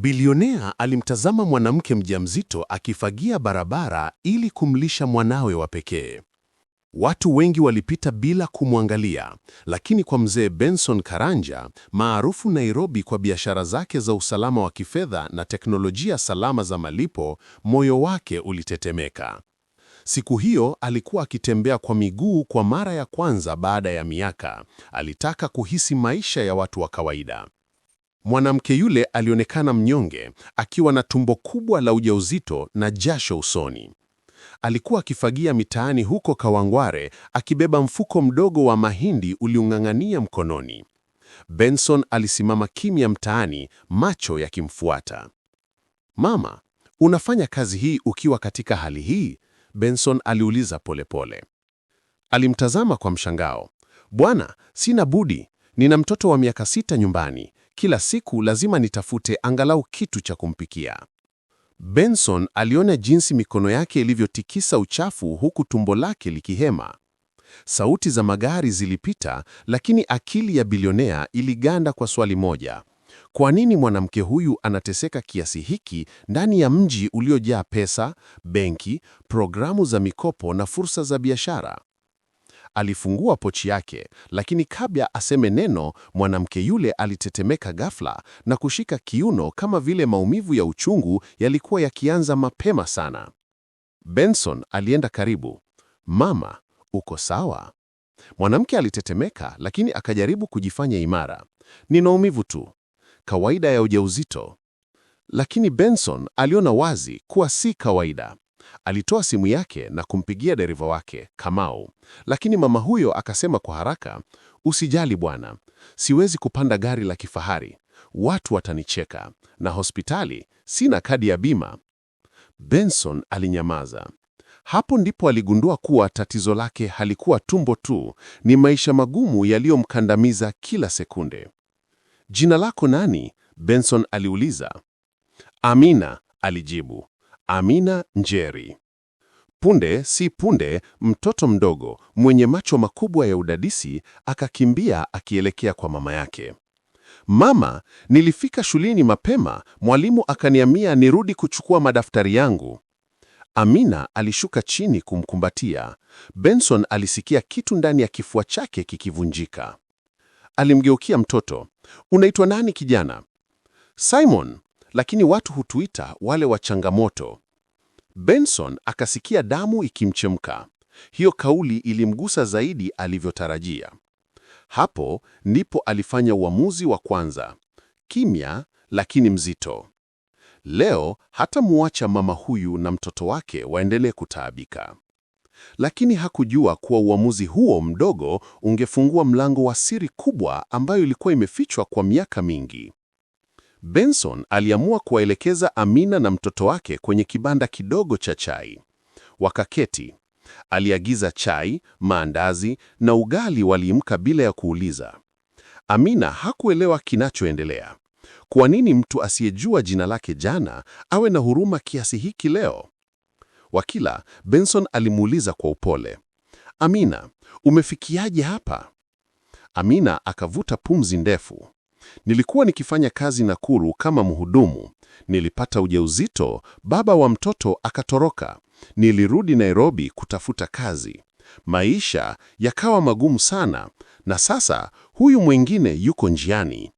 Bilionea alimtazama mwanamke mjamzito akifagia barabara ili kumlisha mwanawe wa pekee. Watu wengi walipita bila kumwangalia, lakini kwa mzee Benson Karanja, maarufu Nairobi kwa biashara zake za usalama wa kifedha na teknolojia salama za malipo, moyo wake ulitetemeka. Siku hiyo alikuwa akitembea kwa miguu kwa mara ya kwanza baada ya miaka. Alitaka kuhisi maisha ya watu wa kawaida. Mwanamke yule alionekana mnyonge, akiwa na tumbo kubwa la ujauzito na jasho usoni. Alikuwa akifagia mitaani huko Kawangware akibeba mfuko mdogo wa mahindi uliong'ang'ania mkononi. Benson alisimama kimya mtaani, macho yakimfuata. Mama, unafanya kazi hii ukiwa katika hali hii? Benson aliuliza polepole. Alimtazama kwa mshangao. Bwana, sina budi, nina mtoto wa miaka sita nyumbani, kila siku lazima nitafute angalau kitu cha kumpikia. Benson aliona jinsi mikono yake ilivyotikisa uchafu huku tumbo lake likihema. Sauti za magari zilipita, lakini akili ya bilionea iliganda kwa swali moja. Kwa nini mwanamke huyu anateseka kiasi hiki ndani ya mji uliojaa pesa, benki, programu za mikopo na fursa za biashara? Alifungua pochi yake, lakini kabla aseme neno, mwanamke yule alitetemeka ghafla na kushika kiuno kama vile maumivu ya uchungu yalikuwa yakianza mapema sana. Benson alienda karibu. Mama, uko sawa? Mwanamke alitetemeka, lakini akajaribu kujifanya imara. Ni maumivu tu, kawaida ya ujauzito. Lakini Benson aliona wazi kuwa si kawaida. Alitoa simu yake na kumpigia dereva wake Kamau, lakini mama huyo akasema kwa haraka, usijali bwana, siwezi kupanda gari la kifahari, watu watanicheka, na hospitali sina kadi ya bima. Benson alinyamaza. Hapo ndipo aligundua kuwa tatizo lake halikuwa tumbo tu, ni maisha magumu yaliyomkandamiza kila sekunde. Jina lako nani? Benson aliuliza. Amina, alijibu. Amina Njeri. Punde si punde, mtoto mdogo mwenye macho makubwa ya udadisi akakimbia akielekea kwa mama yake. Mama, nilifika shuleni mapema, mwalimu akaniambia nirudi kuchukua madaftari yangu. Amina alishuka chini kumkumbatia. Benson alisikia kitu ndani ya kifua chake kikivunjika. Alimgeukia mtoto. Unaitwa nani kijana? Simon lakini watu hutuita wale wa changamoto. Benson akasikia damu ikimchemka. Hiyo kauli ilimgusa zaidi alivyotarajia. Hapo ndipo alifanya uamuzi wa kwanza, kimya lakini mzito. Leo hatamuacha mama huyu na mtoto wake waendelee kutaabika. Lakini hakujua kuwa uamuzi huo mdogo ungefungua mlango wa siri kubwa ambayo ilikuwa imefichwa kwa miaka mingi. Benson aliamua kuwaelekeza Amina na mtoto wake kwenye kibanda kidogo cha chai. Wakaketi. Aliagiza chai, maandazi na ugali waliimka bila ya kuuliza. Amina hakuelewa kinachoendelea. Kwa nini mtu asiyejua jina lake jana awe na huruma kiasi hiki leo? Wakila, Benson alimuuliza kwa upole, Amina, umefikiaje hapa? Amina akavuta pumzi ndefu. Nilikuwa nikifanya kazi Nakuru kama mhudumu. Nilipata ujauzito, baba wa mtoto akatoroka. Nilirudi Nairobi kutafuta kazi. Maisha yakawa magumu sana, na sasa huyu mwingine yuko njiani.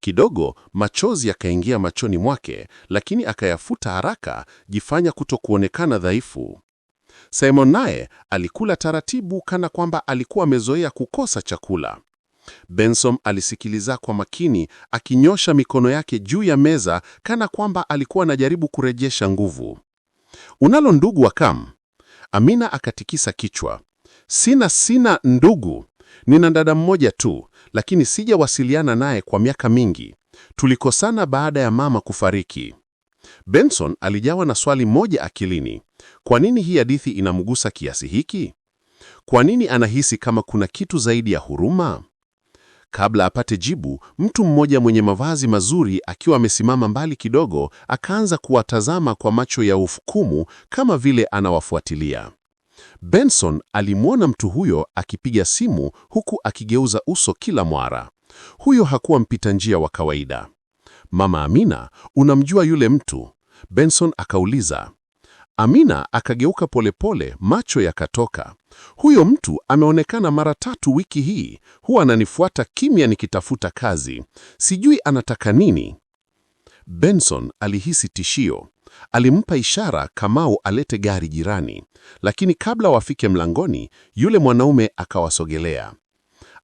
Kidogo machozi yakaingia machoni mwake, lakini akayafuta haraka, jifanya kutokuonekana dhaifu. Simon naye alikula taratibu, kana kwamba alikuwa amezoea kukosa chakula. Benson alisikiliza kwa makini, akinyosha mikono yake juu ya meza kana kwamba alikuwa anajaribu kurejesha nguvu. Unalo ndugu wa Kam? Amina akatikisa kichwa. Sina, sina ndugu. Nina dada mmoja tu, lakini sijawasiliana naye kwa miaka mingi. Tulikosana baada ya mama kufariki. Benson alijawa na swali moja akilini. Kwa nini hii hadithi inamgusa kiasi hiki? Kwa nini anahisi kama kuna kitu zaidi ya huruma? Kabla apate jibu, mtu mmoja mwenye mavazi mazuri akiwa amesimama mbali kidogo akaanza kuwatazama kwa macho ya ufukumu kama vile anawafuatilia. Benson alimwona mtu huyo akipiga simu huku akigeuza uso kila mwara. Huyo hakuwa mpita njia wa kawaida. Mama Amina, unamjua yule mtu? Benson akauliza. Amina akageuka polepole, macho yakatoka. Huyo mtu ameonekana mara tatu wiki hii, huwa ananifuata kimya nikitafuta kazi. Sijui anataka nini. Benson alihisi tishio. Alimpa ishara Kamau alete gari jirani, lakini kabla wafike mlangoni, yule mwanaume akawasogelea.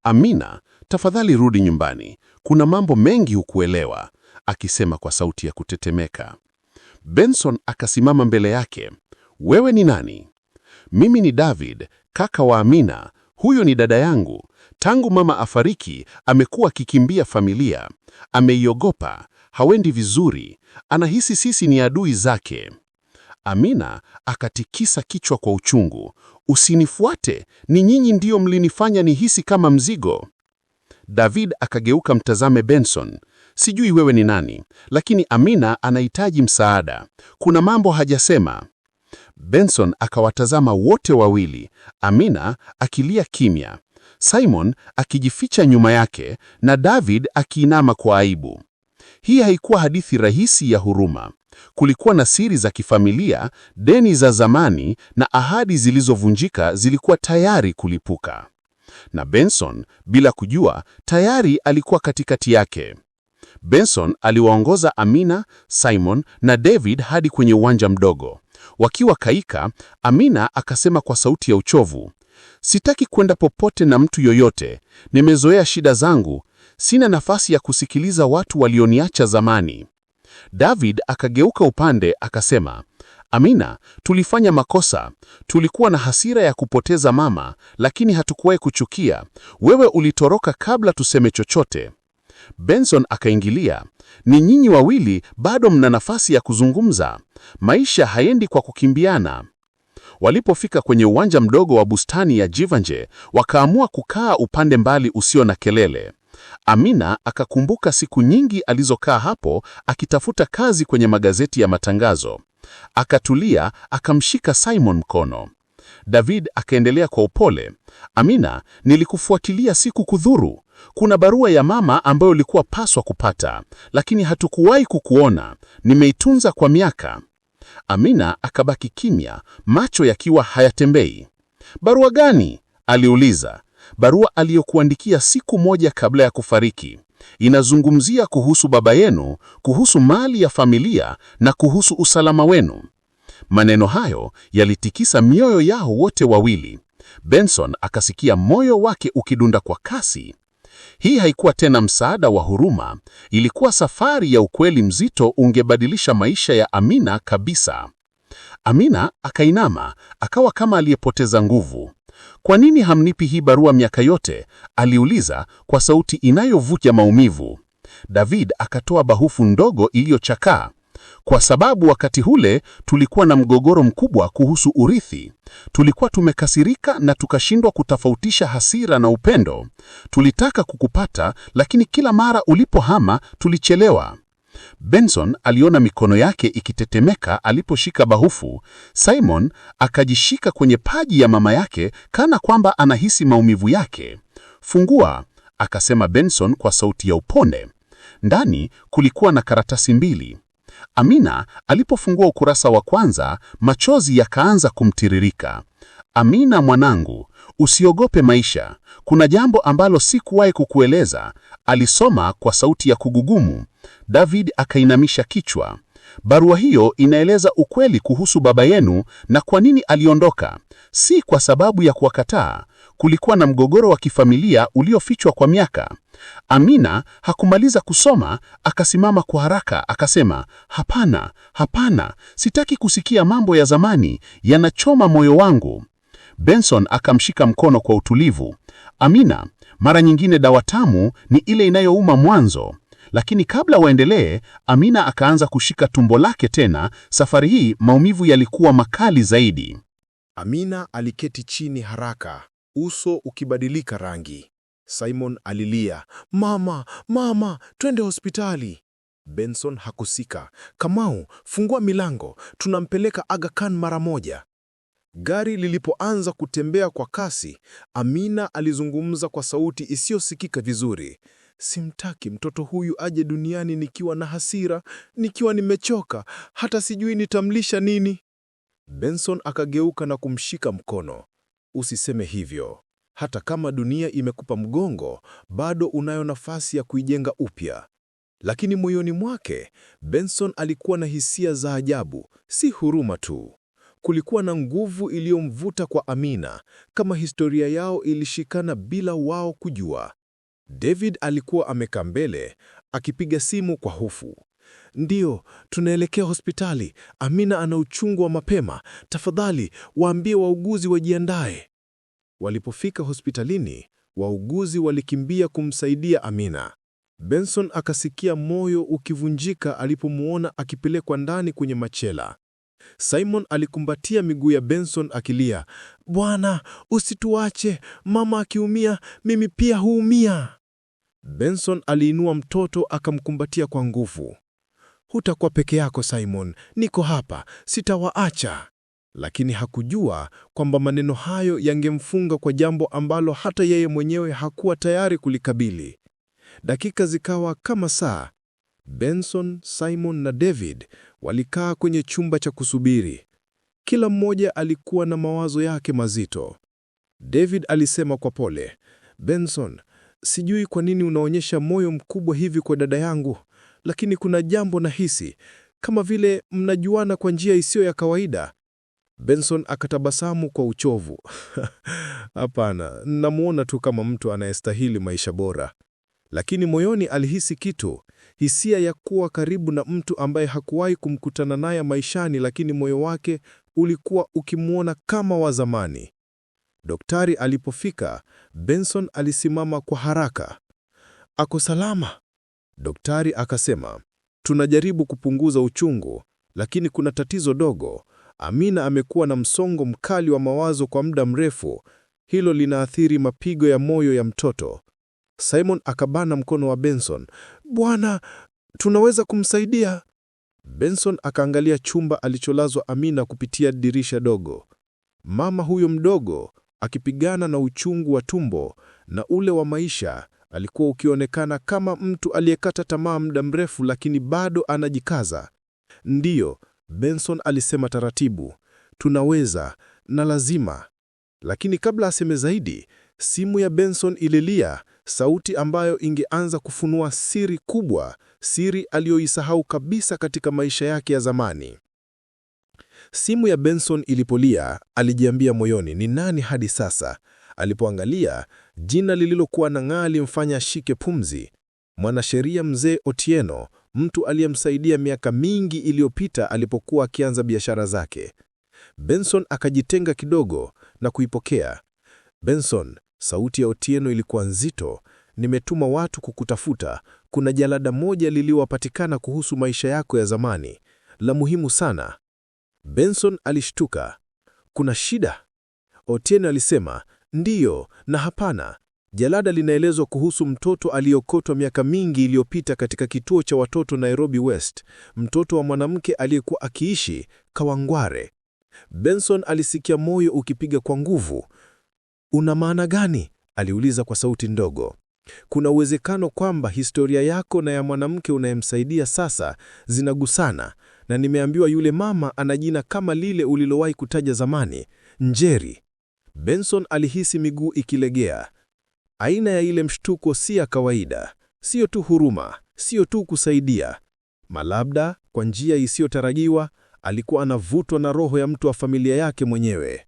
Amina, tafadhali rudi nyumbani, kuna mambo mengi hukuelewa, akisema kwa sauti ya kutetemeka. Benson akasimama mbele yake. Wewe ni nani? Mimi ni David, kaka wa Amina. Huyo ni dada yangu. Tangu mama afariki, amekuwa akikimbia familia, ameiogopa, hawendi vizuri, anahisi sisi ni adui zake. Amina akatikisa kichwa kwa uchungu. Usinifuate, ni nyinyi ndiyo mlinifanya nihisi kama mzigo. David akageuka mtazame Benson. Sijui wewe ni nani, lakini Amina anahitaji msaada. Kuna mambo hajasema. Benson akawatazama wote wawili, Amina akilia kimya, Simon akijificha nyuma yake na David akiinama kwa aibu. Hii haikuwa hadithi rahisi ya huruma. Kulikuwa na siri za kifamilia, deni za zamani na ahadi zilizovunjika zilikuwa tayari kulipuka. Na Benson bila kujua tayari alikuwa katikati yake. Benson aliwaongoza Amina, Simon na David hadi kwenye uwanja mdogo. Wakiwa kaika, Amina akasema kwa sauti ya uchovu, sitaki kwenda popote na mtu yoyote, nimezoea shida zangu, sina nafasi ya kusikiliza watu walioniacha zamani. David akageuka upande akasema, Amina, tulifanya makosa. Tulikuwa na hasira ya kupoteza mama, lakini hatukuwahi kuchukia. Wewe ulitoroka kabla tuseme chochote. Benson akaingilia, ni nyinyi wawili bado mna nafasi ya kuzungumza, maisha haendi kwa kukimbiana. Walipofika kwenye uwanja mdogo wa bustani ya Jivanje, wakaamua kukaa upande mbali usio na kelele. Amina akakumbuka siku nyingi alizokaa hapo akitafuta kazi kwenye magazeti ya matangazo. Akatulia, akamshika Simon mkono. David akaendelea kwa upole, Amina, nilikufuatilia siku kudhuru. Kuna barua ya mama ambayo ulikuwa paswa kupata, lakini hatukuwahi kukuona. Nimeitunza kwa miaka. Amina akabaki kimya, macho yakiwa hayatembei. Barua gani? aliuliza. Barua aliyokuandikia siku moja kabla ya kufariki. Inazungumzia kuhusu baba yenu, kuhusu mali ya familia na kuhusu usalama wenu. Maneno hayo yalitikisa mioyo yao wote wawili. Benson akasikia moyo wake ukidunda kwa kasi. Hii haikuwa tena msaada wa huruma, ilikuwa safari ya ukweli mzito ungebadilisha maisha ya Amina kabisa. Amina akainama, akawa kama aliyepoteza nguvu. Kwa nini hamnipi hii barua miaka yote? aliuliza kwa sauti inayovuja maumivu. David akatoa bahufu ndogo iliyochakaa kwa sababu wakati ule tulikuwa na mgogoro mkubwa kuhusu urithi. Tulikuwa tumekasirika na tukashindwa kutofautisha hasira na upendo. Tulitaka kukupata, lakini kila mara ulipohama tulichelewa. Benson aliona mikono yake ikitetemeka aliposhika bahufu. Simon akajishika kwenye paji ya mama yake kana kwamba anahisi maumivu yake. Fungua, akasema Benson kwa sauti ya upone. Ndani kulikuwa na karatasi mbili. Amina alipofungua ukurasa wa kwanza, machozi yakaanza kumtiririka. Amina mwanangu, usiogope maisha, kuna jambo ambalo sikuwahi kukueleza, alisoma kwa sauti ya kugugumu. David akainamisha kichwa. Barua hiyo inaeleza ukweli kuhusu baba yenu na kwa nini aliondoka. Si kwa sababu ya kuwakataa, kulikuwa na mgogoro wa kifamilia uliofichwa kwa miaka. Amina hakumaliza kusoma, akasimama kwa haraka akasema, hapana, hapana, sitaki kusikia mambo ya zamani, yanachoma moyo wangu. Benson akamshika mkono kwa utulivu. Amina, mara nyingine dawa tamu ni ile inayouma mwanzo. Lakini kabla waendelee, Amina akaanza kushika tumbo lake tena. Safari hii maumivu yalikuwa makali zaidi. Amina aliketi chini haraka, uso ukibadilika rangi. Simon alilia, mama, mama, twende hospitali. Benson hakusika. Kamau, fungua milango, tunampeleka Aga Khan mara moja. Gari lilipoanza kutembea kwa kasi, Amina alizungumza kwa sauti isiyosikika vizuri. Simtaki mtoto huyu aje duniani nikiwa na hasira, nikiwa nimechoka, hata sijui nitamlisha nini. Benson akageuka na kumshika mkono. Usiseme hivyo. Hata kama dunia imekupa mgongo, bado unayo nafasi ya kuijenga upya. Lakini moyoni mwake Benson alikuwa na hisia za ajabu, si huruma tu. Kulikuwa na nguvu iliyomvuta kwa Amina, kama historia yao ilishikana bila wao kujua. David alikuwa amekaa mbele, akipiga simu kwa hofu. Ndiyo, tunaelekea hospitali. Amina ana uchungu wa mapema. Tafadhali waambie wauguzi wajiandae. Walipofika hospitalini, wauguzi walikimbia kumsaidia Amina. Benson akasikia moyo ukivunjika alipomuona akipelekwa ndani kwenye machela. Simon alikumbatia miguu ya Benson akilia, Bwana, usituache, mama akiumia, mimi pia huumia. Benson aliinua mtoto akamkumbatia kwa nguvu hutakuwa peke yako Simon, niko hapa, sitawaacha. Lakini hakujua kwamba maneno hayo yangemfunga kwa jambo ambalo hata yeye mwenyewe hakuwa tayari kulikabili. Dakika zikawa kama saa. Benson, Simon na David walikaa kwenye chumba cha kusubiri. Kila mmoja alikuwa na mawazo yake mazito. David alisema kwa pole, Benson, sijui kwa nini unaonyesha moyo mkubwa hivi kwa dada yangu lakini kuna jambo nahisi, kama vile mnajuana kwa njia isiyo ya kawaida. Benson akatabasamu kwa uchovu. Hapana, namuona tu kama mtu anayestahili maisha bora. Lakini moyoni alihisi kitu, hisia ya kuwa karibu na mtu ambaye hakuwahi kumkutana naye maishani, lakini moyo wake ulikuwa ukimwona kama wa zamani. Daktari alipofika, Benson alisimama kwa haraka. Ako salama? Daktari akasema, tunajaribu kupunguza uchungu, lakini kuna tatizo dogo. Amina amekuwa na msongo mkali wa mawazo kwa muda mrefu. Hilo linaathiri mapigo ya moyo ya mtoto. Simon akabana mkono wa Benson. Bwana, tunaweza kumsaidia? Benson akaangalia chumba alicholazwa Amina kupitia dirisha dogo. Mama huyo mdogo akipigana na uchungu wa tumbo na ule wa maisha alikuwa ukionekana kama mtu aliyekata tamaa muda mrefu, lakini bado anajikaza. Ndiyo, Benson alisema taratibu, tunaweza na lazima. Lakini kabla aseme zaidi, simu ya Benson ililia, sauti ambayo ingeanza kufunua siri kubwa, siri aliyoisahau kabisa katika maisha yake ya zamani. Simu ya Benson ilipolia, alijiambia moyoni, ni nani hadi sasa? Alipoangalia, jina lililokuwa na ng'aa alimfanya ashike pumzi. Mwanasheria mzee Otieno, mtu aliyemsaidia miaka mingi iliyopita alipokuwa akianza biashara zake. Benson akajitenga kidogo na kuipokea. Benson, sauti ya Otieno ilikuwa nzito. Nimetuma watu kukutafuta. Kuna jalada moja liliwapatikana kuhusu maisha yako ya zamani, la muhimu sana. Benson alishtuka. Kuna shida? Otieno alisema, Ndiyo na hapana. Jalada linaelezwa kuhusu mtoto aliyokotwa miaka mingi iliyopita katika kituo cha watoto Nairobi West, mtoto wa mwanamke aliyekuwa akiishi Kawangware. Benson alisikia moyo ukipiga kwa nguvu. Una maana gani? aliuliza kwa sauti ndogo. Kuna uwezekano kwamba historia yako na ya mwanamke unayemsaidia sasa zinagusana, na nimeambiwa yule mama ana jina kama lile ulilowahi kutaja zamani, Njeri. Benson alihisi miguu ikilegea. Aina ya ile mshtuko si ya kawaida, sio tu huruma, sio tu kusaidia. Malabda kwa njia isiyotarajiwa alikuwa anavutwa na roho ya mtu wa familia yake mwenyewe.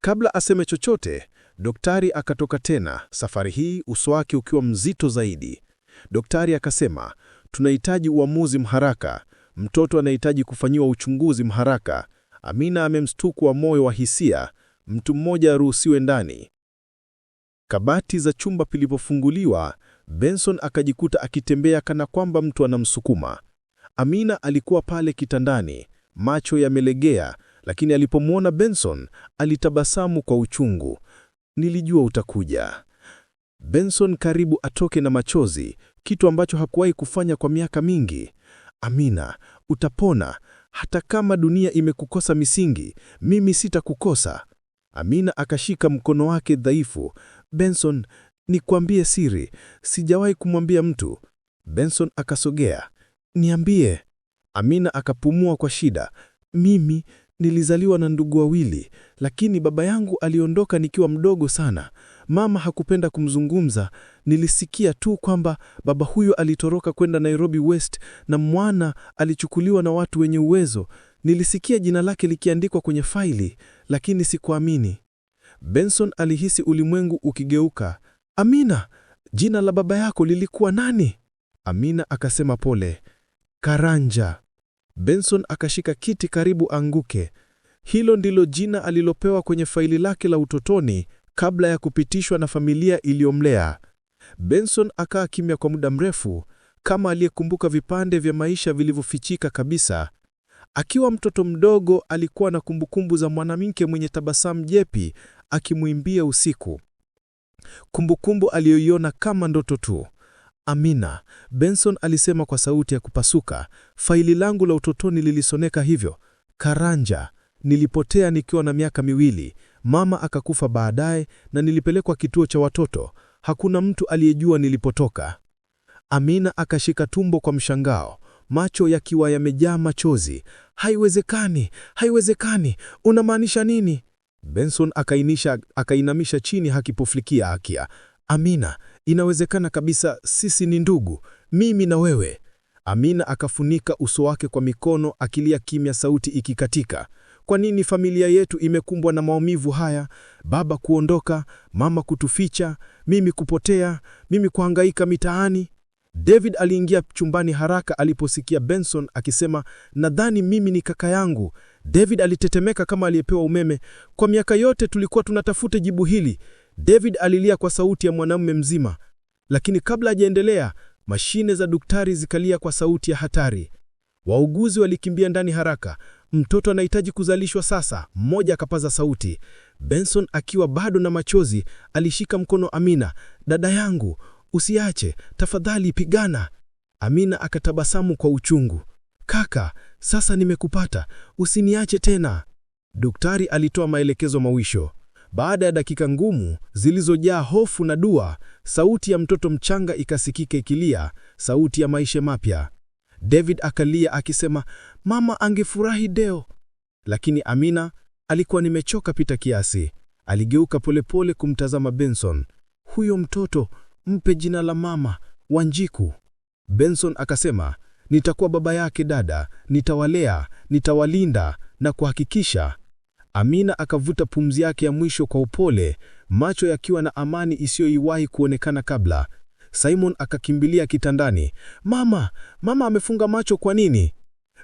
Kabla aseme chochote, daktari akatoka tena, safari hii uso wake ukiwa mzito zaidi. Daktari akasema, tunahitaji uamuzi mharaka, mtoto anahitaji kufanyiwa uchunguzi mharaka. Amina amemstuku wa moyo wa hisia, mtu mmoja aruhusiwe ndani. Kabati za chumba pilipofunguliwa, Benson akajikuta akitembea kana kwamba mtu anamsukuma. Amina alikuwa pale kitandani, macho yamelegea, lakini alipomwona Benson alitabasamu kwa uchungu. Nilijua utakuja. Benson karibu atoke na machozi, kitu ambacho hakuwahi kufanya kwa miaka mingi. Amina, utapona. Hata kama dunia imekukosa misingi, mimi sitakukosa. Amina akashika mkono wake dhaifu. Benson, nikwambie siri, sijawahi kumwambia mtu. Benson akasogea. Niambie. Amina akapumua kwa shida. Mimi nilizaliwa na ndugu wawili, lakini baba yangu aliondoka nikiwa mdogo sana. Mama hakupenda kumzungumza. Nilisikia tu kwamba baba huyo alitoroka kwenda Nairobi West na mwana alichukuliwa na watu wenye uwezo. Nilisikia jina lake likiandikwa kwenye faili, lakini sikuamini. Benson alihisi ulimwengu ukigeuka. Amina, jina la baba yako lilikuwa nani? Amina akasema pole, Karanja. Benson akashika kiti karibu anguke. Hilo ndilo jina alilopewa kwenye faili lake la utotoni kabla ya kupitishwa na familia iliyomlea. Benson akaa kimya kwa muda mrefu, kama aliyekumbuka vipande vya maisha vilivyofichika kabisa, Akiwa mtoto mdogo alikuwa na kumbukumbu za mwanamke mwenye tabasamu jepi akimwimbia usiku, kumbukumbu aliyoiona kama ndoto tu. Amina, Benson alisema kwa sauti ya kupasuka, faili langu la utotoni lilisoneka hivyo. Karanja, nilipotea nikiwa na miaka miwili. Mama akakufa baadaye na nilipelekwa kituo cha watoto. Hakuna mtu aliyejua nilipotoka. Amina akashika tumbo kwa mshangao macho yakiwa yamejaa machozi. Haiwezekani, haiwezekani, unamaanisha nini? Benson akainisha, akainamisha chini hakipofikia akia. Amina, inawezekana kabisa, sisi ni ndugu, mimi na wewe. Amina akafunika uso wake kwa mikono akilia kimya, sauti ikikatika. Kwa nini familia yetu imekumbwa na maumivu haya? Baba kuondoka, mama kutuficha, mimi kupotea, mimi kuhangaika mitaani. David aliingia chumbani haraka aliposikia Benson akisema, nadhani mimi ni kaka yangu. David alitetemeka kama aliyepewa umeme. Kwa miaka yote tulikuwa tunatafuta jibu hili, David alilia kwa sauti ya mwanamume mzima. Lakini kabla hajaendelea, mashine za daktari zikalia kwa sauti ya hatari. Wauguzi walikimbia ndani haraka. Mtoto anahitaji kuzalishwa sasa, mmoja akapaza sauti. Benson akiwa bado na machozi alishika mkono Amina, dada yangu usiache tafadhali, pigana. Amina akatabasamu kwa uchungu. Kaka, sasa nimekupata, usiniache tena. Daktari alitoa maelekezo mawisho. Baada ya dakika ngumu zilizojaa hofu na dua, sauti ya mtoto mchanga ikasikika ikilia, sauti ya maisha mapya. David akalia akisema, mama angefurahi deo. Lakini Amina alikuwa nimechoka pita kiasi. Aligeuka polepole kumtazama Benson. Huyo mtoto mpe jina la mama Wanjiku. Benson akasema, nitakuwa baba yake dada, nitawalea, nitawalinda na kuhakikisha. Amina akavuta pumzi yake ya mwisho kwa upole, macho yakiwa na amani isiyoiwahi kuonekana kabla. Simon akakimbilia kitandani. Mama, mama amefunga macho kwa nini?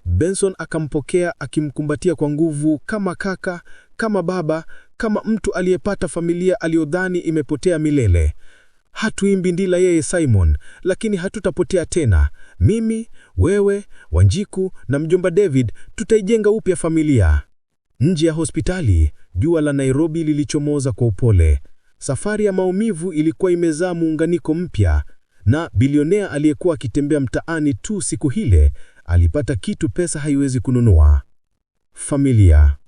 Benson akampokea akimkumbatia kwa nguvu kama kaka, kama baba, kama mtu aliyepata familia aliyodhani imepotea milele. Hatuimbi ndila yeye Simon, lakini hatutapotea tena. Mimi, wewe, Wanjiku na mjomba David tutaijenga upya familia. Nje ya hospitali, jua la Nairobi lilichomoza kwa upole. Safari ya maumivu ilikuwa imezaa muunganiko mpya, na bilionea aliyekuwa akitembea mtaani tu siku hile alipata kitu pesa haiwezi kununua: familia.